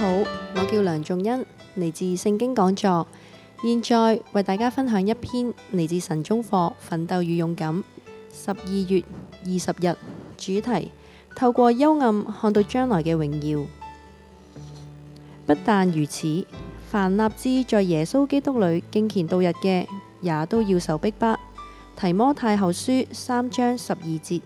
好，我叫梁仲恩，嚟自聖經講座。現在為大家分享一篇嚟自神中課《奮鬥與勇敢》，十二月二十日主題，透過幽暗看到將來嘅榮耀。不但如此，凡立志在耶穌基督裏敬虔度日嘅，也都要受逼迫。提摩太後書三章十二節。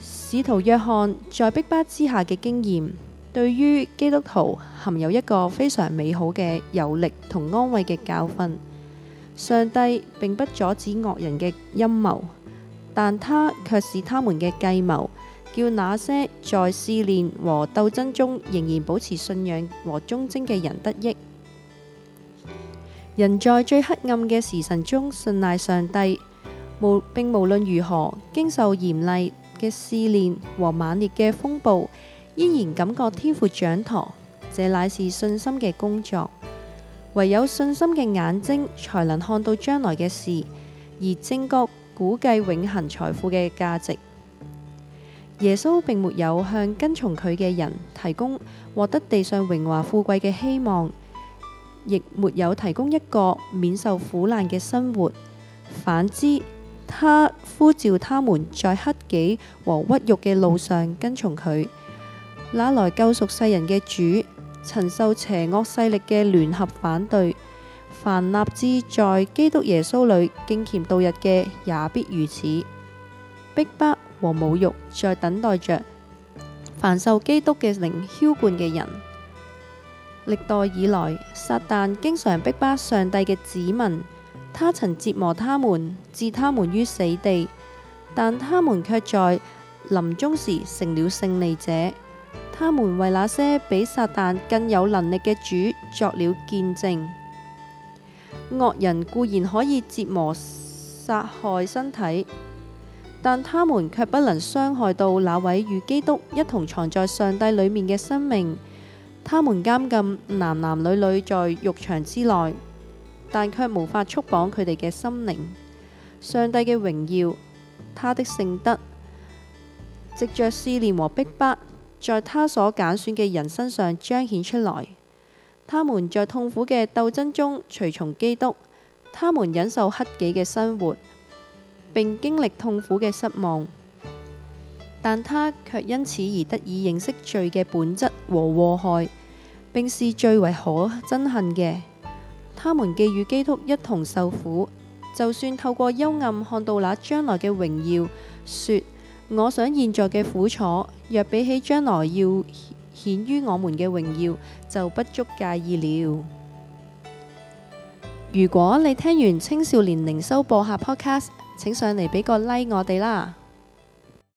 使徒約翰在逼迫之下嘅經驗。對於基督徒，含有一個非常美好嘅有力同安慰嘅教訓。上帝並不阻止惡人嘅陰謀，但他卻使他們嘅計謀，叫那些在試煉和鬥爭中仍然保持信仰和忠貞嘅人得益。人在最黑暗嘅時辰中，信賴上帝，無，並無論如何，經受嚴厲嘅試煉和猛烈嘅風暴。依然感覺天父掌舵，這乃是信心嘅工作。唯有信心嘅眼睛，才能看到將來嘅事，而正確估計永恒財富嘅價值。耶穌並沒有向跟從佢嘅人提供獲得地上榮華富貴嘅希望，亦沒有提供一個免受苦難嘅生活。反之，他呼召他們在克己和屈辱嘅路上跟從佢。那來救贖世人嘅主，曾受邪惡勢力嘅聯合反對，凡立志在基督耶穌裏敬虔度日嘅，也必如此。逼迫和侮辱在等待着凡受基督嘅靈澆灌嘅人。歷代以來，撒旦經常逼迫上帝嘅子民，他曾折磨他們，置他們於死地，但他們卻在臨終時成了勝利者。他們為那些比撒旦更有能力嘅主作了見證。惡人固然可以折磨、殺害身體，但他們卻不能傷害到那位與基督一同藏在上帝裏面嘅生命。他們監禁男男女女在獄牆之內，但卻無法束綁佢哋嘅心靈。上帝嘅榮耀，他的聖德，藉着思念和逼迫，在他所揀選嘅人身上彰顯出來，他們在痛苦嘅鬥爭中隨從基督，他們忍受克己嘅生活，並經歷痛苦嘅失望，但他却因此而得以認識罪嘅本質和禍害，並是最為可憎恨嘅。他們既與基督一同受苦，就算透過幽暗看到那將來嘅榮耀，說。我想現在嘅苦楚，若比起將來要顯於我們嘅榮耀，就不足介意了。如果你聽完青少年靈修播客 podcast，請上嚟畀個 like 我哋啦。